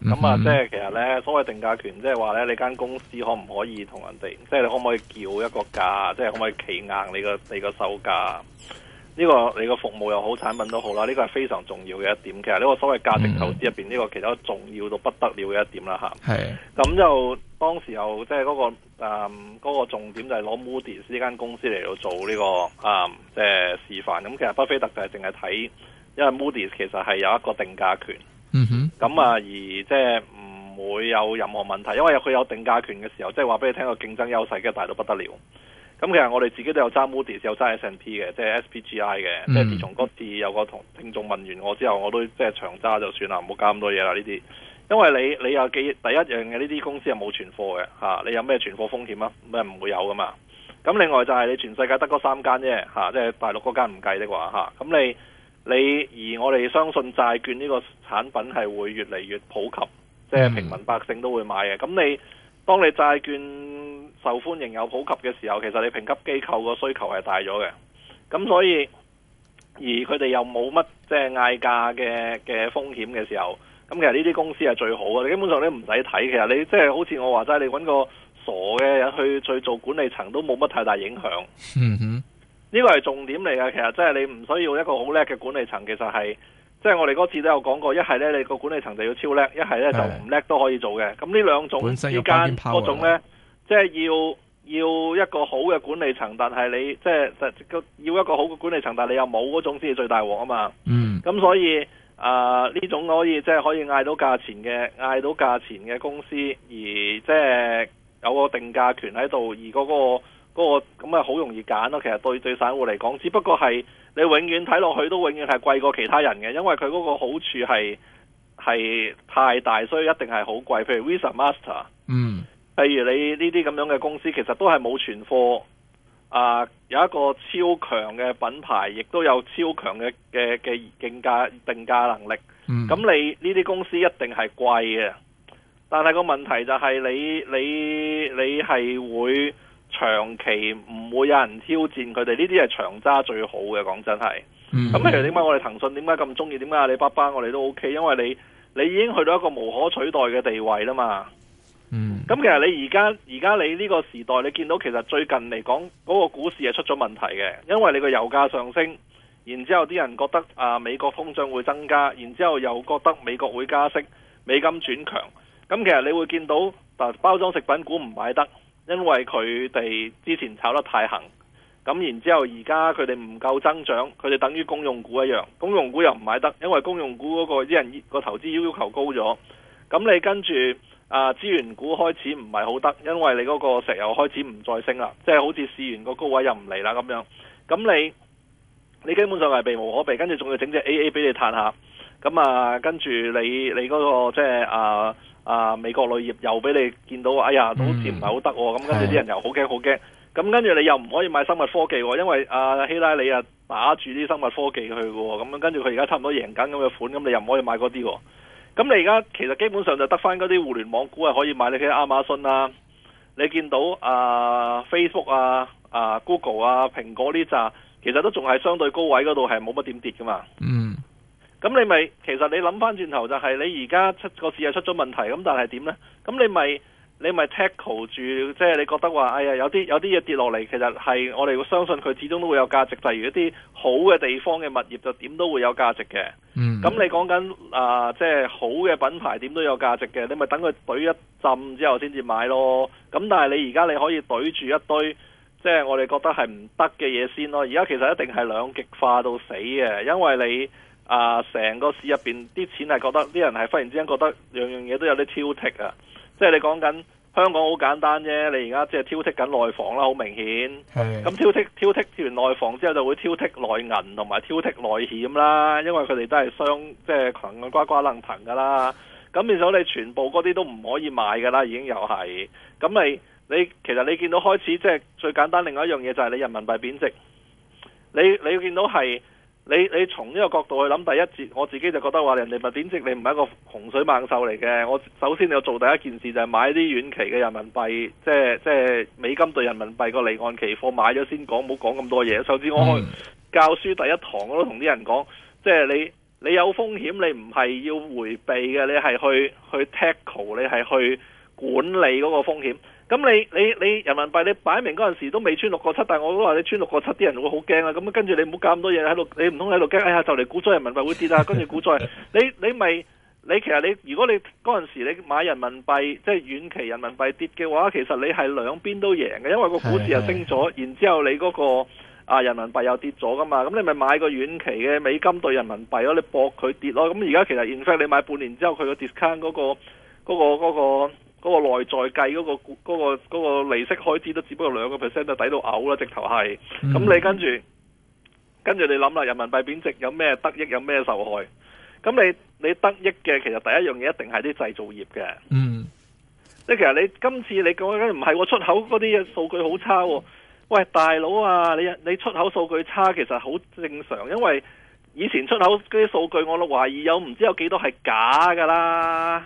咁、嗯、啊，即、嗯、係其實咧，所謂定價權，即係話咧，你間公司可唔可以同人哋，即、就、係、是、你可唔可以叫一個價，即、就、係、是、可唔可以企硬你，你價、這個你個售價？呢個你個服務又好，產品都好啦，呢個係非常重要嘅一點。其實呢個所謂價值投資入邊呢個，其實重要到不得了嘅一點啦，吓。係。咁就當時候即係嗰個誒，嗰、嗯那個重點就係攞 Moody's 呢間公司嚟到做呢、這個誒，即、嗯、係、就是、示範。咁其實巴菲特就係淨係睇，因為 Moody's 其實係有一個定價權。嗯哼，咁啊，而即係唔會有任何問題，因為佢有定價權嘅時候，即係話俾你聽，個競爭優勢嘅大到不得了。咁其實我哋自己都有揸 Moody's，有揸 S&P 嘅，即係 SPGI 嘅，嗯。即係自從嗰次有個同聽眾問完我之後，我都即係長揸就算啦，唔好加咁多嘢啦呢啲。因為你你有幾第一樣嘅呢啲公司係冇存貨嘅，啊、你有咩存貨風險啊？唔唔會有噶嘛。咁另外就係你全世界得嗰三間啫，啊、即係大陸嗰間唔計的話咁，啊、你你而我哋相信債券呢個產品係會越嚟越普及，即係平民百姓都會買嘅。咁你當你債券受歡迎有普及嘅時候，其實你評級機構個需求係大咗嘅。咁所以而佢哋又冇乜即係嗌價嘅嘅風險嘅時候，咁其實呢啲公司係最好嘅。你基本上你唔使睇，其實你即係好似我話齋，你揾個傻嘅人去去做管理層都冇乜太大影響.。 呢個係重點嚟嘅，其實即係你唔需要一個好叻嘅管理層，其實係即係我哋嗰次都有講過，一係呢你個管理層就要超叻，一係呢就唔叻都可以做嘅。咁呢兩種之間嗰種呢，即係要、就是、要，要一個好嘅管理層，但係你即係、就是、要一個好嘅管理層，但係你又冇嗰種先至最大鑊啊嘛。嗯。咁所以啊，呢、呃、種可以即係、就是、可以嗌到價錢嘅，嗌到價錢嘅公司，而即係有個定價權喺度，而嗰、那個。嗰個咁啊，好容易揀咯。其實對對，散戶嚟講，只不過係你永遠睇落去都永遠係貴過其他人嘅，因為佢嗰個好處係係太大，所以一定係好貴。譬如 Visa、Master，嗯，譬如你呢啲咁樣嘅公司，其實都係冇存貨啊、呃，有一個超強嘅品牌，亦都有超強嘅嘅嘅競價定價能力。嗯，咁你呢啲公司一定係貴嘅，但係個問題就係你你你係會，長期唔會有人挑戰佢哋，呢啲係長揸最好嘅。講真係，咁、mm -hmm. 其實點解我哋騰訊點解咁中意？點解阿里巴巴我哋都 OK？因為你你已經去到一個無可取代嘅地位啦嘛。咁、mm -hmm. 其實你而家而家你呢個時代，你見到其實最近嚟講嗰個股市係出咗問題嘅，因為你個油價上升，然之後啲人覺得啊美國通脹會增加，然之後又覺得美國會加息，美金轉強。咁其實你會見到包裝食品股唔買得。因為佢哋之前炒得太行，咁然之後而家佢哋唔夠增長，佢哋等於公用股一樣，公用股又唔買得，因為公用股嗰個啲人個投資要求高咗，咁你跟住啊資源股開始唔係好得，因為你嗰個石油開始唔再升啦，即係好似試完個高位又唔嚟，啦咁樣，咁你你基本上係避無可避，跟住仲要整隻 A A 俾你嘆下，咁啊跟住你你嗰個即係啊。啊！美國類業又俾你見到，哎呀，都好似唔係好得喎。咁、嗯、跟住啲人又好驚好驚。咁跟住你又唔可以買生物科技，因為啊希拉里啊打住啲生物科技去嘅喎。咁跟住佢而家差唔多贏緊咁嘅款，咁你又唔可以買嗰啲。咁你而家其實基本上就得返嗰啲互聯網股係可以買，你睇亞馬遜啊，你見到啊 Facebook 啊、啊 Google 啊、蘋果呢扎，其實都仲係相對高位嗰度，係冇乜點跌㗎嘛。嗯。咁你咪，其實你諗翻轉頭就係你而家出個市又出咗問題，咁但係點呢？咁你咪你咪 tackle 住，即係你覺得話，哎呀，有啲有啲嘢跌落嚟，其實係我哋相信佢始終都會有價值。例如一啲好嘅地方嘅物業，就點都會有價值嘅。嗯。咁你講緊啊，即係好嘅品牌，點都有價值嘅。你咪等佢懟一浸之後先至買咯。咁但係你而家你可以懟住一堆，即係我哋覺得係唔得嘅嘢先咯。而家其實一定係兩極化到死嘅，因為你。啊！成個市入面啲錢係覺得啲人係忽然之間覺得樣樣嘢都有啲挑剔啊！即係你講緊香港好簡單啫，你而家即係挑剔緊內房啦，好明顯。咁挑剔挑剔完內房之後，就會挑剔內銀同埋挑剔內險啦，因為佢哋都係相即係瓜瓜楞騰噶啦。咁變咗你全部嗰啲都唔可以買噶啦，已經又係咁咪你，你其實你見到開始即係最簡單，另外一樣嘢就係你人民幣貶值，你你見到係。你你從呢個角度去諗，第一節我自己就覺得話人哋咪點知你唔係一個洪水猛獸嚟嘅。我首先你要做第一件事就係買啲遠期嘅人民幣，即係即係美金對人民幣個離岸期貨買咗先講，唔好講咁多嘢。甚至我去教書第一堂我都同啲人講，即係你你有風險，你唔係要迴避嘅，你係去去 tackle，你係去管理嗰個風險。咁你你你人民幣你擺明嗰陣時都未穿六個七，但係我都話你穿六個七啲人會好驚啊！咁跟住你唔好咁多嘢喺度，你唔通喺度驚？哎呀，就嚟股災人民幣會跌啊！ 跟住股災，你你咪你其實你如果你嗰陣時你買人民幣，即係遠期人民幣跌嘅話，其實你係兩邊都贏嘅，因為個股市又升咗， 然之後你嗰、嗰個啊人民幣又跌咗噶嘛，咁你咪買個遠期嘅美金對人民幣咯、啊，你搏佢跌咯。咁而家其實 i n 你買半年之後佢個 discount 嗰個嗰嗰個。那個那個嗰個內在計嗰個嗰個嗰個利息開支都只不過兩個 percent 就抵到嘔啦，直頭係。咁你跟住，跟住你諗啦，人民幣貶值有咩得益，有咩受害？咁你你得益嘅其實第一樣嘢一定係啲製造業嘅。嗯。即係其實你今次你講緊唔係喎，出口嗰啲數據好差喎、哦。喂，大佬啊，你你出口數據差其實好正常，因為以前出口嗰啲數據我都懷疑有唔知有幾多係假㗎啦。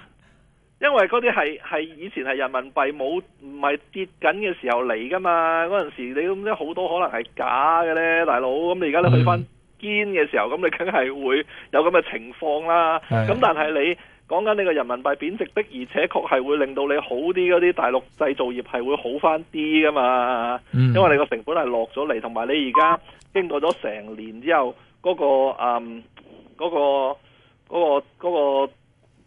因為嗰啲係係以前係人民幣冇唔係跌緊嘅時候嚟噶嘛，嗰陣時候你都好多可能係假嘅咧，大佬，咁你而家你去翻堅嘅時候，咁你梗係會有咁嘅情況啦。咁但係你講緊你個人民幣貶值的，而且確係會令到你好啲嗰啲大陸製造業係會好翻啲噶嘛，嗯，因為你個成本係落咗嚟，同埋你而家經過咗成年之後嗰個嗯嗰個嗰個。嗯嗰個嗰個嗰個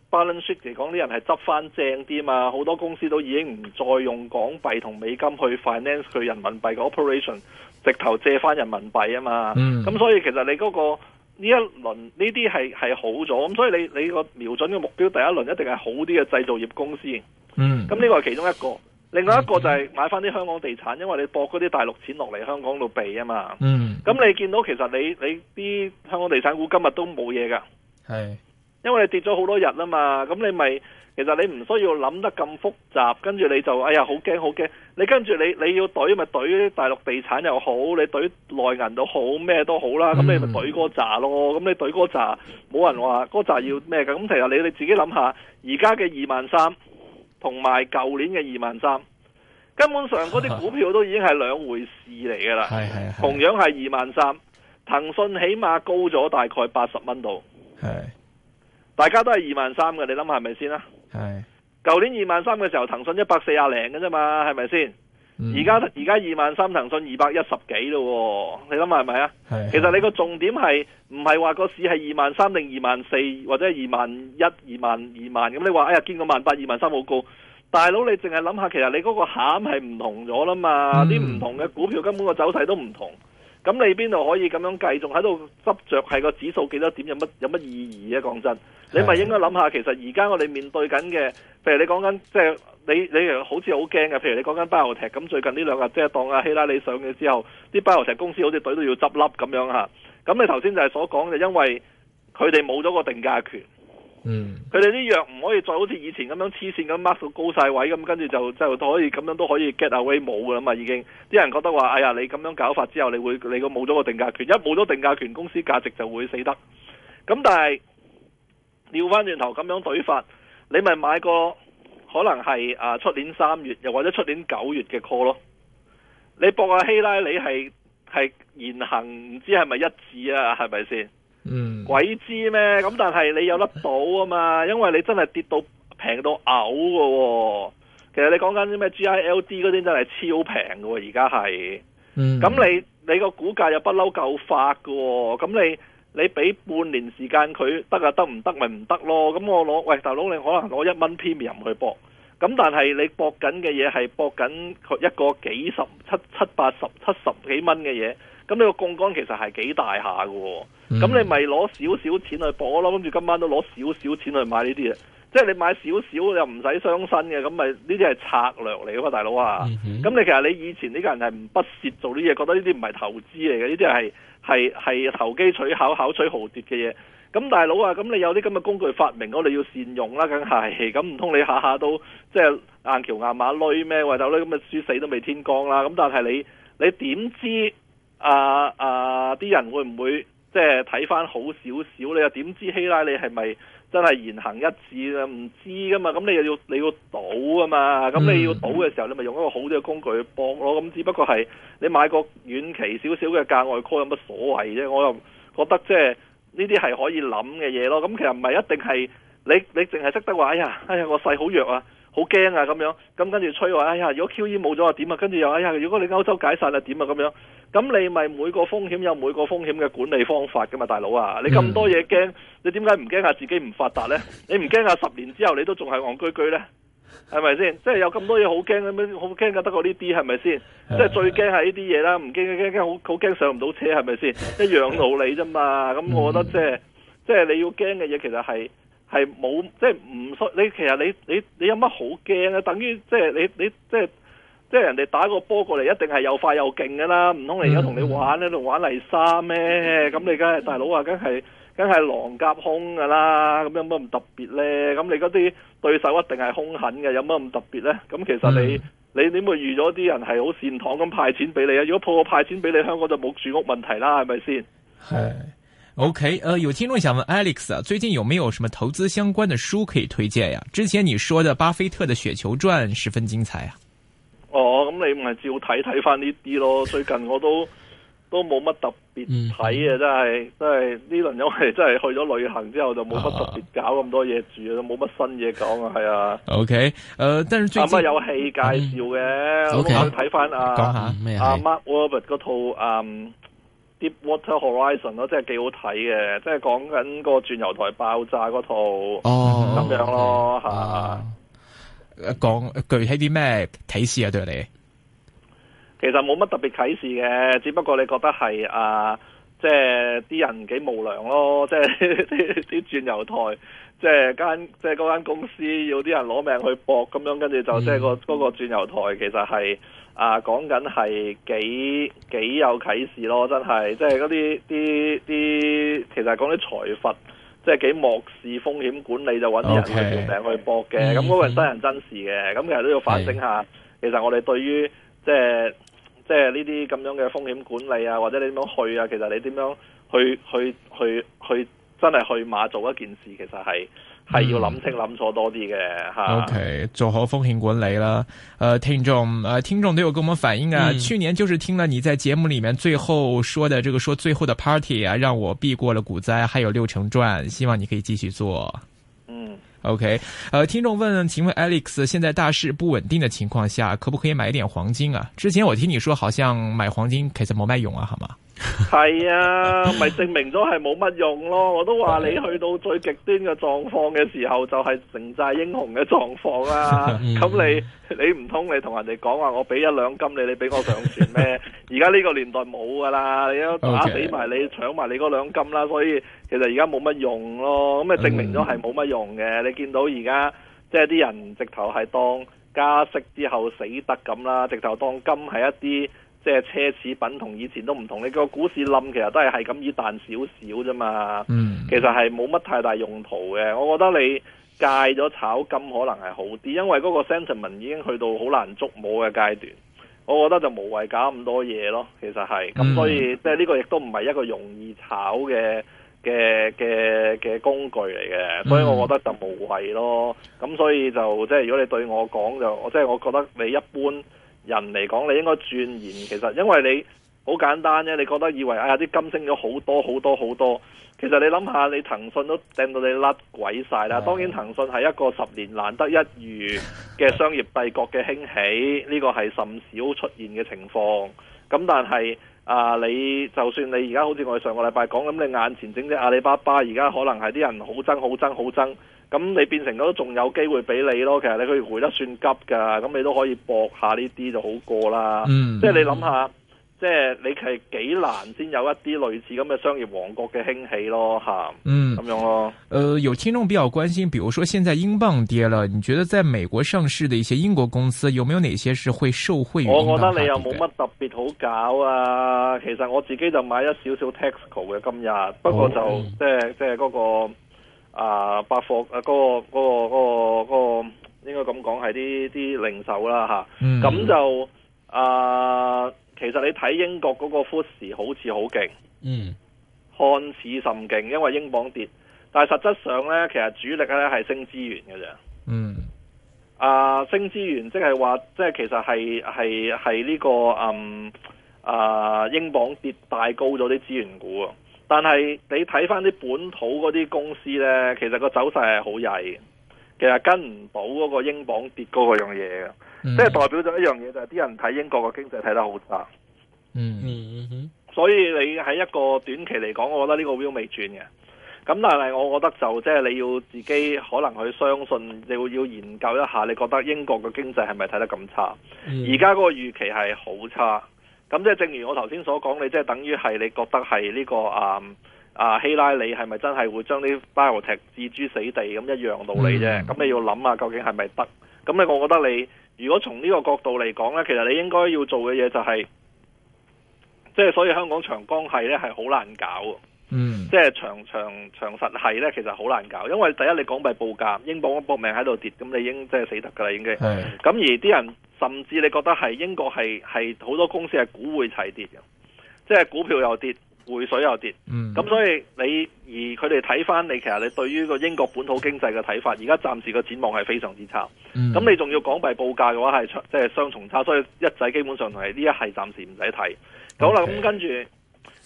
Balance sheet 嚟講，啲人係執翻正啲嘛，好多公司都已經唔再用港幣同美金去 finance 佢人民幣嘅 operation，直頭借翻人民幣啊嘛，咁、嗯、所以其實你嗰個呢一輪呢啲係係好咗，咁所以你你個瞄準嘅目標第一輪一定係好啲嘅製造業公司，咁、嗯、呢個係其中一個，另外一個就係買翻啲香港地產，因為你博嗰啲大陸錢落嚟香港度避啊嘛，咁、嗯、你見到其實你你啲香港地產股今日都冇嘢噶，係。因為你跌咗好多日吖嘛，咁你咪其實你唔需要諗得咁複雜，跟住你就哎呀好驚好驚，你跟住你你要懟咪、就是、懟大陸地產又好，你懟內銀好都好，咩都好啦，咁你咪懟嗰扎咯，咁、嗯、你懟嗰紮冇人話嗰紮要咩噶，咁其實你你自己諗下，而家嘅二萬三同埋舊年嘅二萬三，根本上嗰啲股票都已經係兩回事嚟噶啦， 同樣係二萬三，騰訊起碼高咗大概八十蚊度，係。 大家都係二萬三嘅，你諗下係咪先啦？係，舊年二萬三嘅時候，騰訊一百四廿零嘅啫嘛，係咪先？而家而家二萬三，騰訊二百一十幾咯，你諗下係咪啊？係，其實你個重點係唔係話個市係二萬三定二萬四，或者係二萬一、二萬、二萬咁？你話哎呀，見個萬八、二萬三好高，大佬你淨係諗下，其實你嗰個餡係唔同咗啦嘛，啲、嗯、唔同嘅股票根本個走勢都唔同。咁你邊度可以咁樣繼續喺度執着？係個指數幾多點，有乜有乜意義啊？講真，你咪應該諗下，其實而家我哋面對緊嘅，譬如你講緊即係你你好似好驚嘅，譬如你講緊 biotech，咁最近呢兩日即係當阿希拉里上嘅之後，啲 biotech 公司好似隊都要執笠咁樣吓。咁你頭先就係所講嘅，因為佢哋冇咗個定價權。嗯，佢哋啲藥唔可以再好似以前咁樣黐線咁 mark 到高晒位，咁跟住就就可以咁樣都可以 get away，冇噶啦嘛，已經啲人覺得話，哎呀你咁樣搞法之後，你會你個冇咗個定價權，一冇咗定價權，公司價值就會死得。咁但係調翻轉頭咁樣對法，你咪買個可能係啊出年三月，又或者出年九月嘅 call 咯。你博阿、啊、希拉，你係係言行唔知係咪一致啊？係咪先？嗯、鬼知咩？咁但係你有得到啊嘛？因為你真係跌到平到嘔噶、哦，其實你講緊啲咩 GILD 嗰啲真係超平噶、啊，而家係。咁、嗯、你你個股價又不嬲夠發噶、哦，咁你你俾半年時間佢得啊？得唔得咪唔得咯？咁我攞喂大佬，你可能攞一蚊 premium 去搏。咁但係你搏緊嘅嘢係搏緊一個幾十七七八十七十幾蚊嘅嘢。咁、這、你個槓桿其實係幾大下嘅喎？咁你咪攞少少錢去搏咯，跟住今晚都攞少少錢去買呢啲嘢。即係你買少少又唔使傷身嘅，咁咪呢啲係策略嚟嘅嘛，大佬啊！咁、嗯、你其實你以前呢個人係唔不屑做呢啲嘢，覺得呢啲唔係投資嚟嘅，呢啲係係係投機取巧、巧取豪奪嘅嘢。咁大佬啊，咁你有啲咁嘅工具發明我你要善用啦，梗係。咁唔通你下下都即係硬橋硬馬累咩？為頭咁咪輸死都未天光啦！咁但係你你點知？啊啊！啲、啊、人會唔會即係睇翻好少少，你又點，點知希拉里係咪真係言行一致唔知噶嘛？咁你又要你要賭啊嘛，咁你要賭嘅時候，你咪用一個好啲嘅工具去幫咯。咁只不過係你買個遠期少少嘅價外 call 有乜所謂啫？我又覺得即係呢啲係可以諗嘅嘢咯。咁其實唔係一定係你你淨係識得話哎呀哎呀，我勢好弱啊！好驚啊咁樣，咁跟住吹話，哎呀，如果 QE 冇咗啊點啊，跟住又，哎呀，如果你歐洲解散啦點啊咁樣，咁你咪每個風險有每個風險嘅管理方法噶嘛，大佬啊，你咁多嘢驚，你點解唔驚下自己唔發達呢？你唔驚下十年之後你都仲係戇居居呢？係咪先？即係有咁多嘢好驚咁樣，好驚噶，得過呢啲係咪先？即係最驚係呢啲嘢啦，唔驚好好驚上唔到車係咪先？一養老你啫嘛，咁我覺得即係即係你要驚嘅嘢其實係。係冇，即係唔需你，其實你你你有乜好驚啊？等於即係你你即係即係人哋打個波過嚟，一定係又快又勁㗎啦。唔通你而家同你玩呢度玩泥沙咩？咁你梗係大佬啊，梗係梗係狼夾空噶啦。咁有乜咁特別咧？咁你嗰啲對手一定係凶狠嘅，有乜咁特別咧？咁其實你、嗯、你點會預咗啲人係好善堂咁派錢俾你啊？如果舖個派錢俾你，香港就冇住屋問題啦，係咪先？係。O、okay, K，呃，有聽眾想問 Alex 啊，最近有沒有什麼投資相關的書可以推薦呀、啊？之前你說的巴菲特的雪球傳十分精彩呀、啊。哦，咁你咪照睇睇翻呢啲咯。最近我都都冇乜特別睇呀，真係真係呢輪因為真係去咗旅行之後就冇乜特別搞咁多嘢住，都冇乜新嘢講啊。係啊。O、okay, K，呃，但係最近有戲介紹嘅，咁睇翻啊，講下咩阿、嗯啊、Mark Wahlberg 嗰套、嗯 Deep Water Horizon 咯，即係幾好睇嘅，即係講緊個轉油台爆炸嗰套，咁、哦、樣咯，吓、啊，講具體啲咩啟示啊？對你，其實冇乜特別啟示嘅，只不過你覺得係啊，即係啲人幾無良咯，即係啲轉轉油台。即係間即係嗰間公司要啲人攞命去搏咁樣，跟住就即係個嗰個鑽油台，其實係、嗯、啊講緊係幾幾有啟示咯，真係即係嗰啲啲啲，其實講啲財閥，即、就、係、是、幾漠視風險管理就搵人去攞命去搏嘅，咁嗰個係真人真事嘅，咁、嗯、其實都要反省下、嗯，其實我哋對於即係即係呢啲咁樣嘅風險管理啊，或者你點樣去啊，其實你點樣去去去去？去去去真係去馬做一件事，其實係係要諗清諗楚多啲嘅吓。O K，做好風險管理啦。呃聽眾呃聽眾都有跟我們反映啊、嗯，去年就是聽了你在節目裡面最後說的這個說最後的 party 啊，讓我避過了股災，還有六成賺。希望你可以繼續做。嗯。OK，呃聽眾問，請問 Alex，現在大市不穩定的情況下，可不可以買點黃金啊？之前我聽你說，好像買黃金其實冇咩用啊，好嗎？係 啊，咪證明咗係冇乜用咯。我都話你去到最極端嘅狀況嘅時候，就係、是、城寨英雄嘅狀況啦。咁、嗯、你你唔通你同人哋講話我俾一兩金你，你俾我上船咩？而家呢個年代冇噶啦，你都打死埋你，搶、okay，埋你嗰兩金啦。所以其實而家冇乜用咯。咁咪證明咗係冇乜用嘅、嗯。你見到而家即係啲人直頭係當加息之後死得咁啦，直頭當金係一啲。即係奢侈品同以前都唔同，你個股市冧其實都係係咁易彈少少啫嘛。嗯，其實係冇乜太大用途嘅。我覺得你戒咗炒金可能係好啲，因為嗰個 sentiment 已經去到好難捉摸嘅階段。我覺得就無謂搞咁多嘢咯。其實係咁，嗯、所以即係呢個亦都唔係一個容易炒嘅嘅嘅嘅工具嚟嘅。所以我覺得就無謂咯。咁所以就即係、就是、如果你對我講就，即、就、係、是、我覺得你一般人嚟講，你應該轉言。其實，因為你好簡單啫，你覺得以為、哎、呀啲金升咗好多好多好多，其實你諗下，你騰訊都掟到你甩鬼曬啦。當然，騰訊係一個十年難得一遇嘅商業帝國嘅興起，呢、呢個係甚少出現嘅情況。咁但係啊，你就算你而家好似我哋上個禮拜講咁，你眼前整隻阿里巴巴而家可能係啲人好憎、好憎、好憎。咁你變成咗仲有機會俾你咯，其實你可以回得算急噶，咁你都可以搏下呢啲就好過啦、嗯。即係你諗下，即係你係幾難先有一啲類似咁嘅商業王國嘅興起咯，嚇、啊。嗯，咁樣咯。誒、呃，有聽眾比較關心，比如說，現在英鎊跌啦，你覺得在美國上市的一些英國公司，有沒有哪些是會受惠？我覺得你又冇乜特別好搞啊。其、嗯、實我自己就買一少少 Tesco 嘅今日，不過就、哦、即係即係嗰、那個。啊，百貨誒，嗰、啊嗰個嗰、嗰個嗰、嗰個、嗰個嗰個，應該咁講係啲啲零售啦吓。咁、嗯、就啊，其實你睇英國嗰個富時好似好勁，嗯看似甚勁，因為英鎊跌，但係實質上咧，其實主力咧係升資源嘅啫。嗯，啊，升資源即係話，即、就、係、係、其實係係係呢個嗯啊，英鎊跌帶高咗啲資源股啊。但係你睇翻啲本土嗰啲公司呢，其實個走勢係好曳，其實跟唔到嗰個英鎊跌嗰樣嘢，即係代表咗一樣嘢，就係、是、啲人睇英國嘅經濟睇得好差，嗯嗯嗯。嗯，所以你喺一個短期嚟講，我覺得呢個 view 未轉嘅。咁但係我覺得就即係你要自己可能去相信，你要要研究一下，你覺得英國嘅經濟係咪睇得咁差？而家嗰個預期係好差。咁即係正如我頭先所講，你即係等於係你覺得係呢、這個啊啊希拉里係咪真係會將啲 biotech 置諸死地咁一樣道理啫？咁、嗯、你要諗下究竟係咪得？咁你我覺得你如果從呢個角度嚟講咧，其實你應該要做嘅嘢就係、是，即、就、係、是、所以香港長江系咧係好難搞，即、嗯、係、就是、長長長實系咧其實好難搞，因為第一你港幣報價英鎊搏命喺度跌，咁你已經即係死得噶啦，應該、係、咁而啲人。甚至你覺得係英國係係好多公司係股會齊跌嘅，即係股票又跌，匯水又跌，咁、嗯、所以你而佢哋睇翻你，其實你對於個英國本土經濟嘅睇法，而家暫時個展望係非常之差。咁、嗯、你仲要港幣報價嘅話，係即係雙重差，所以一仔基本上同呢一係暫時唔使睇。好、okay, 啦，咁跟住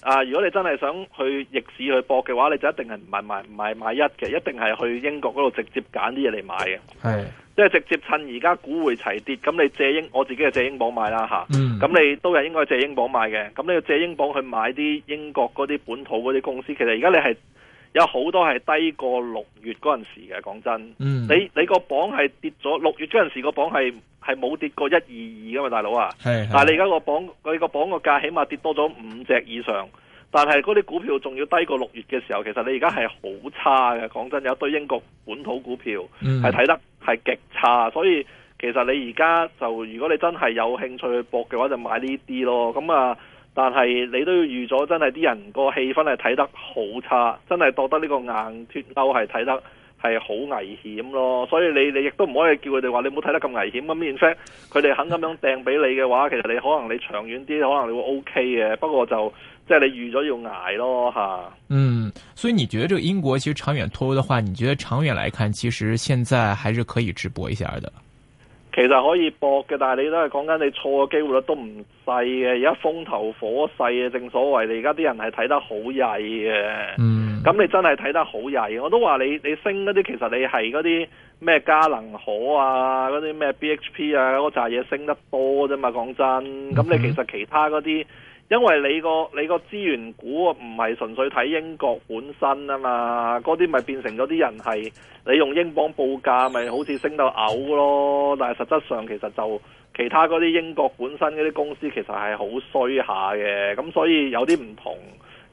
啊，如果你真係想去逆市去博嘅話，你就一定係買買買買一嘅，一定係去英國嗰度直接揀啲嘢嚟買嘅。係。即係直接趁而家股匯齊跌，咁你借英，我自己係借英鎊買啦吓。咁、嗯、你都係應該借英鎊買嘅，咁你要借英鎊去買啲英國嗰啲本土嗰啲公司。其實而家你係有好多係低過六月嗰陣時嘅，講真、嗯。你你個榜係跌咗六月嗰陣時個榜係係冇跌過一二二噶嘛，大佬啊。但係你而家個榜，你個榜個價起碼跌多咗五隻以上，但係嗰啲股票仲要低過六月嘅時候，其實你而家係好差嘅，講真，有一堆英國本土股票係睇、嗯、得。係極差，所以其實你而家就如果你真係有興趣去博嘅話，就買呢啲咯。咁啊，但係你都要預咗，真係啲人個氣氛係睇得好差，真係覺得呢個硬脫鈎係睇得係好危險咯。所以你你亦都唔可以叫佢哋話你冇睇得咁危險。咁 in fact 佢哋肯咁樣掟俾你嘅話，其實你可能你長遠啲，可能你會 OK 嘅。不過就。即係你預咗要挨咯吓，嗯，所以你覺得這個英國其實長遠拖嘅的話，你覺得長遠來看，其實現在還是可以直播一下的。其實可以搏嘅，但係你都係講緊你錯嘅機會率都唔細嘅，而家風頭火勢嘅，正所謂你而家啲人係睇得好曳嘅，嗯，咁你真係睇得好曳，我都話你你升嗰啲其實你係嗰啲咩嘉能可啊，嗰啲咩 BHP 啊嗰扎嘢升得多啫嘛，講真的，咁你其實其他嗰啲。嗯因為你個你個資源股唔係純粹睇英國本身啊嘛，嗰啲咪變成咗啲人係你用英鎊報價，咪好似升到嘔咯。但係實質上其實就其他嗰啲英國本身嗰啲公司其實係好衰下嘅，咁所以有啲唔同。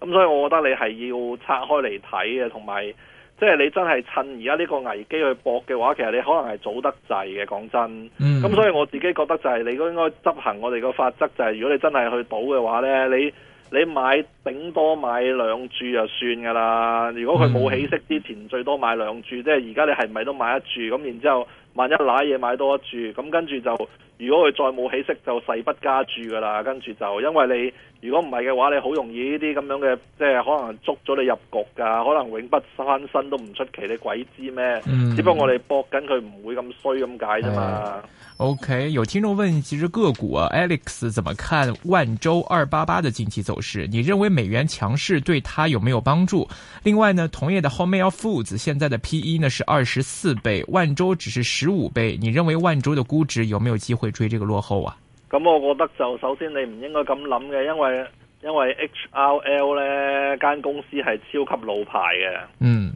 咁所以我覺得你係要拆開嚟睇嘅，同埋。即係你真係趁而家呢個危機去搏嘅話，其實你可能係早得滯嘅。講真，咁、嗯、所以我自己覺得就係你應該執行我哋個法則，就係如果你真係去賭嘅話呢，你你買頂多買兩注就算㗎啦。如果佢冇起色之前，最多買兩注。即係而家你係咪都買一注？咁然之後，萬一瀨嘢買多一注，咁跟住就。如果佢再冇起色，就誓不加注噶啦。跟住就因為你，如果唔係嘅話，你好容易呢啲咁樣嘅，即、呃、係可能捉咗你入局噶，可能永不翻身都唔出奇，你鬼知咩、嗯？只不過我哋搏緊佢唔會咁衰咁解啫嘛。OK，有聽眾問其實個股、啊、Alex 怎麼看萬洲二八八的近期走勢？你認為美元強勢對他有沒有幫助？另外呢，同業的 Hormel Foods 現在的 P/E 呢是二十四倍，萬洲只是十五倍。你認為萬洲的估值有沒有機會？追這個落後啊！咁我覺得就首先你唔應該咁諗嘅，因為因為 HRL 呢間公司係超級老牌嘅，嗯，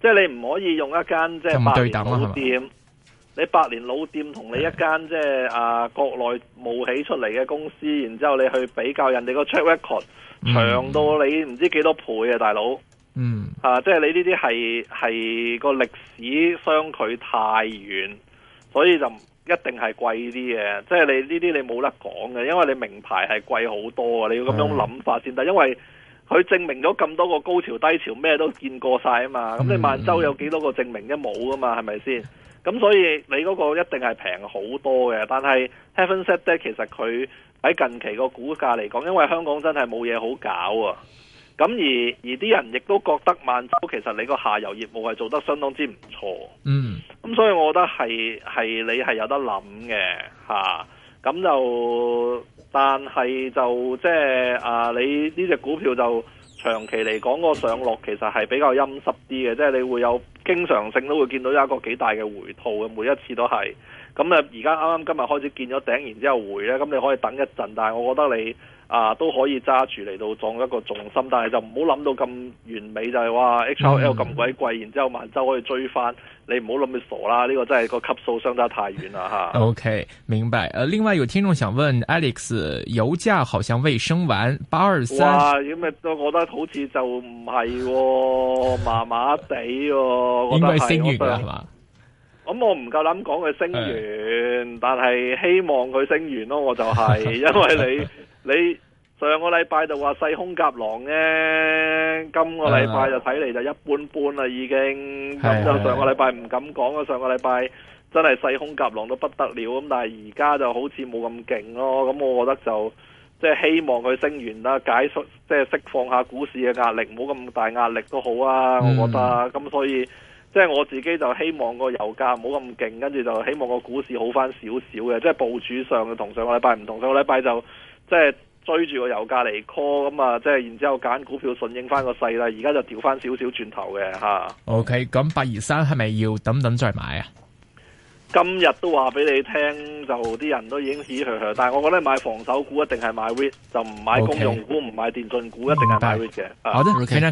即係你唔可以用一間即係百年老店，你百年老店同你一間即係啊國內冒起出嚟嘅公司，然之後你去比較人哋個 track record 長到你唔知幾多倍啊，大佬，嗯啊，即係你呢啲係係個歷史相距太遠，所以就。一定係貴啲嘅，即係你呢啲你冇得講嘅，因為你名牌係貴好多啊！你要咁樣諗法先得。但係因為佢證明咗咁多個高潮低潮咩都見過晒啊嘛，咁你萬洲有幾多個證明都冇啊嘛，係咪先？咁所以你嗰個一定係平好多嘅。但係 Heavenset 其實佢喺近期個股價嚟講，因為香港真係冇嘢好搞啊。咁而而啲人亦都覺得萬洲其實你個下游業務係做得相當之唔錯，嗯，咁、嗯、所以我覺得係係你係有得諗嘅，咁就但係就即係啊你呢隻股票就長期嚟講個上落其實係比較陰濕啲嘅，即、就、係、係、你會有經常性都會見到一個幾大嘅回吐嘅，每一次都係。咁啊，而家啱啱今日開始見咗頂，然之後回咧，咁你可以等一陣，但係我覺得你啊都可以揸住嚟到撞一個重心，但係就唔好諗到咁完美，就係話 h O L 咁鬼貴，然之後萬州可以追翻，你唔好諗佢傻啦，呢個真係個級數相差太遠啦吓、啊、OK，明白。呃，另外有聽眾想問 Alex，油價好像未升完，八二三。哇，咁咪我覺得好似就唔係喎，麻麻地喎，應該升完啦係嘛？ 咁、嗯、我唔夠膽講佢升完，但係希望佢升完咯，我就係、是， 因為你你上個禮拜就話細空夾狼咧，今個禮拜就睇嚟，就一般般啦，已經咁就上個禮拜唔敢講啦，上個禮拜真係細空夾狼都不得了，咁但係而家就好似冇咁勁咯，咁我覺得就即係、就是、希望佢升完啦，解釋即係釋放下股市嘅壓力，唔好咁大壓力都好啊，嗯、我覺得咁所以。即係我自己就希望個油價唔好咁勁，跟住就希望個股市好翻少少嘅。即係部署上嘅同上個禮拜唔同，上個禮拜就即係追住個油價嚟 call 咁啊！即係然之後揀股票順應翻個勢啦。而家就調翻少少轉頭嘅吓。OK，咁八二三係咪要等等再買啊？今日都話俾你聽，就啲人都已經嘻嘻呵呵。但係我覺得買防守股一定係買 REIT，就唔買公用股，唔、okay. 買電信股，一定係買 REIT 嘅。好、okay. 的、啊 oh,